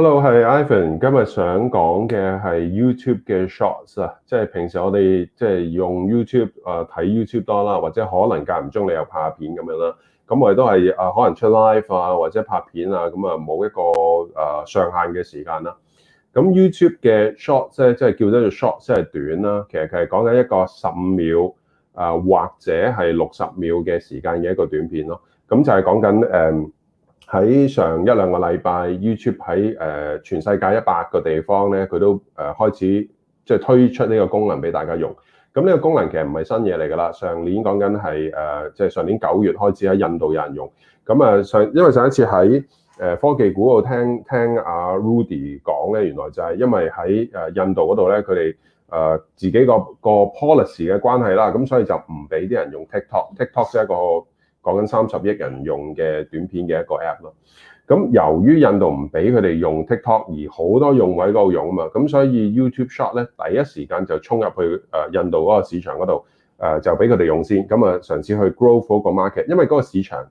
Hello，係 Ivan，今日想講嘅係 YouTube 嘅 short 啊，即係平時我哋即係用 YouTube 啊、呃、睇 YouTube 多啦，或者可能間唔中你又拍片咁樣啦。咁我哋都係啊，可能出 live 啊，或者拍片啊，咁啊冇一個啊、呃、上限嘅時間啦。咁 YouTube 嘅 short 即係即係叫得做 short，即係短啦。其實佢係講緊一個十五秒啊、呃，或者係六十秒嘅時間嘅一個短片咯。咁就係講緊誒。嗯喺上一兩個禮拜，YouTube 喺誒全世界一百個地方咧，佢都誒開始即係推出呢個功能俾大家用。咁呢個功能其實唔係新嘢嚟㗎啦。上年講緊係誒，即係上年九月開始喺印度有人用。咁啊上，因為上一次喺誒科技股度聽聽阿 Rudy 講咧，原來就係因為喺誒印度嗰度咧，佢哋誒自己個個 policy 嘅關係啦，咁所以就唔俾啲人用 TikTok。TikTok 即係一個。講緊三十億人用嘅短片嘅一個 app 咯，咁由於印度唔俾佢哋用 TikTok，而好多用位都用啊嘛，咁所以 YouTube Short 咧第一時間就衝入去誒印度嗰個市場嗰度誒，就俾佢哋用先咁啊，嘗試去 grow 嗰個 market，因為嗰個市場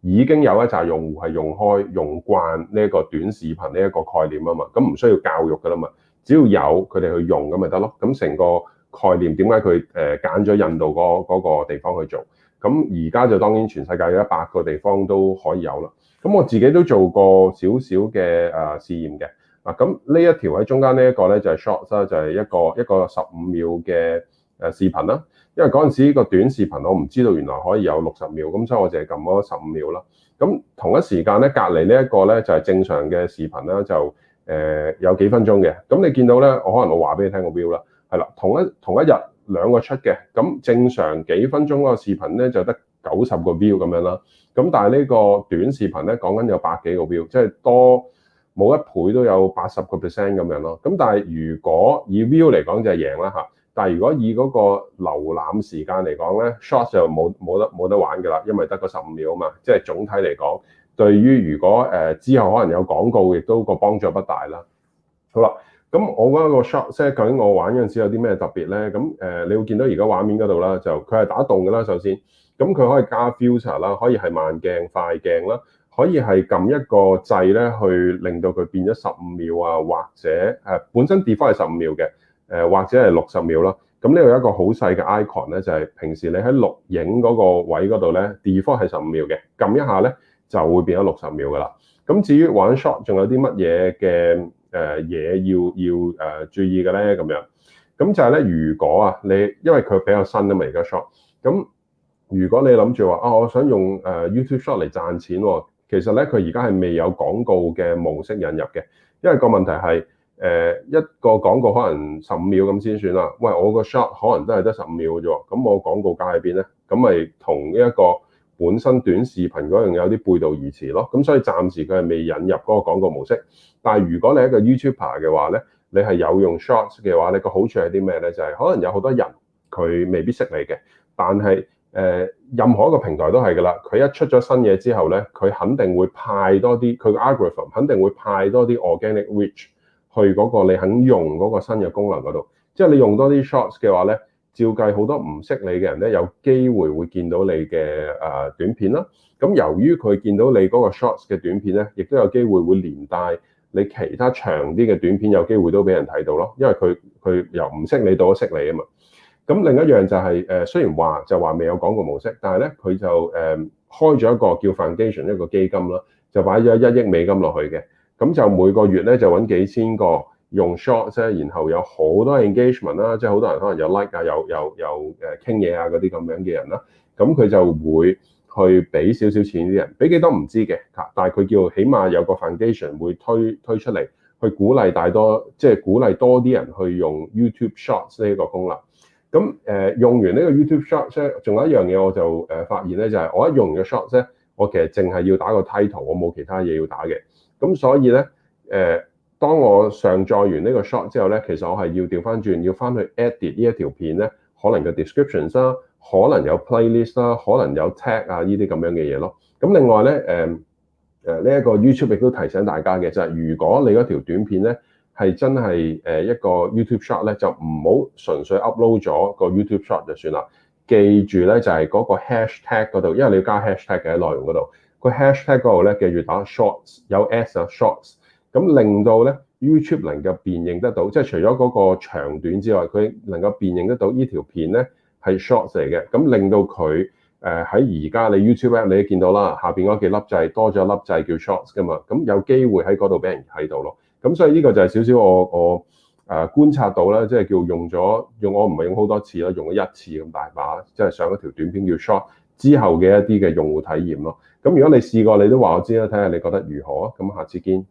已經有一扎用戶係用開用慣呢一個短視頻呢一個概念啊嘛，咁唔需要教育噶啦嘛，只要有佢哋去用咁咪得咯，咁成個概念點解佢誒揀咗印度嗰嗰個地方去做？咁而家就當然全世界有一百個地方都可以有啦。咁我自己都做過少少嘅誒試驗嘅。嗱，咁呢一條喺中間呢一個咧就係 short 就係一個一個十五秒嘅誒視頻啦。因為嗰陣時個短視頻我唔知道原來可以有六十秒，咁所以我淨係撳咗十五秒咯。咁同一時間咧隔離呢一個咧就係正常嘅視頻啦，就誒有幾分鐘嘅。咁你見到咧，我可能我話俾你聽個 view 啦，係啦，同一同一日。兩個出嘅，咁正常幾分鐘嗰個視頻咧就得九十個 view 咁樣啦，咁但係呢個短視頻咧講緊有百幾個 view，即係多冇一倍都有八十個 percent 咁樣咯。咁但係如，如果以 view 嚟講就係贏啦嚇，但係如果以嗰個瀏覽時間嚟講咧，Shorts 就冇冇得冇得玩㗎啦，因為得個十五秒啊嘛。即係總體嚟講，對於如果誒、呃、之後可能有廣告亦都個幫助不大啦。好啦。咁我覺得個 shot 即係究竟我玩嗰陣時有啲咩特別咧？咁誒，你會見到而家畫面嗰度啦，就佢係打動噶啦。首先，咁佢可以加 filter 啦，可以係慢鏡、快鏡啦，可以係撳一個掣咧，去令到佢變咗十五秒啊，或者誒、呃、本身 default 係十五秒嘅，誒、呃、或者係六十秒啦。咁呢度有一個好細嘅 icon 咧，就係平時你喺錄影嗰個位嗰度咧，default 係十五秒嘅，撳一下咧就會變咗六十秒噶啦。咁至於玩 shot 仲有啲乜嘢嘅？誒嘢要要誒、呃、注意嘅咧，咁樣咁就係咧。如果啊，你因為佢比較新啊嘛，而家 shop 咁，如果你諗住話啊，我想用誒 YouTube shop 嚟賺錢喎、哦，其實咧佢而家係未有廣告嘅模式引入嘅，因為個問題係誒、呃、一個廣告可能十五秒咁先算啦。喂，我個 shop 可能都係得十五秒嘅啫，咁我廣告加喺邊咧？咁咪同呢一個本身短視頻嗰樣有啲背道而馳咯，咁所以暫時佢係未引入嗰個廣告模式。但係如果你係一個 YouTuber 嘅話咧，你係有用 Shorts 嘅話咧，個好處係啲咩咧？就係、是、可能有好多人佢未必識你嘅，但係誒、呃、任何一個平台都係噶啦。佢一出咗新嘢之後咧，佢肯定會派多啲佢個 algorithm，肯定會派多啲 organic reach 去嗰個你肯用嗰個新嘅功能嗰度。即、就、係、是、你用多啲 Shorts 嘅話咧，照計好多唔識你嘅人咧，有機會會見到你嘅誒短片啦。咁由於佢見到你嗰個 Shorts 嘅短片咧，亦都有機會會連帶你其他長啲嘅短片，有機會都俾人睇到咯。因為佢佢由唔識你到識你啊嘛。咁另一樣就係誒，雖然話就話未有廣告模式，但係咧佢就誒開咗一個叫 Foundation 一個基金啦，就擺咗一億美金落去嘅，咁就每個月咧就揾幾千個。用 shorts 啫，然後有好多 engagement 啦，即係好多人可能有 like 啊，有有有誒傾嘢啊嗰啲咁樣嘅人啦、啊，咁佢就會去俾少少錢啲人，俾幾多唔知嘅嚇，但係佢叫起碼有個 foundation 會推推出嚟，去鼓勵大多即係、就是、鼓勵多啲人去用 YouTube shorts 呢個功能。咁誒、呃、用完呢個 YouTube shorts 咧，仲有一樣嘢我就誒發現咧，就係、是、我一用咗 shorts 咧，我其實淨係要打個 title，我冇其他嘢要打嘅。咁所以咧誒。呃當我上載完呢個 shot 之後咧，其實我係要調翻轉，要翻去 edit 呢一條片咧，可能個 description 啦，可能有、啊、有 playlist 啦、啊，可能有 tag 啊，呢啲咁樣嘅嘢咯。咁另外咧，誒誒呢一個 YouTube 亦都提醒大家嘅就係、是，如果你嗰條短片咧係真係誒一個 YouTube shot 咧，就唔好純粹 upload 咗個 YouTube shot 就算啦。記住咧，就係、是、嗰個 hashtag 嗰度，因為你要加 hashtag 嘅內容嗰度，個 hashtag 嗰度咧記住打 shorts 有 s 啊 shorts。咁令到咧 YouTube 能夠辨認得到，即係除咗嗰個長短之外，佢能夠辨認得到呢條片咧係 Shorts 嚟嘅。咁令到佢誒喺而家你 YouTube app 你都見到啦，下邊嗰幾粒掣多咗粒掣叫 Shorts 噶嘛。咁有機會喺嗰度俾人睇到咯。咁所以呢個就係少少我我誒觀察到啦，即係叫用咗用我唔係用好多次啦，用咗一次咁大把，即係上一條短片叫 Shorts 之後嘅一啲嘅用戶體驗咯。咁如果你試過，你都話我，我知啦，睇下你覺得如何啊？咁下次見。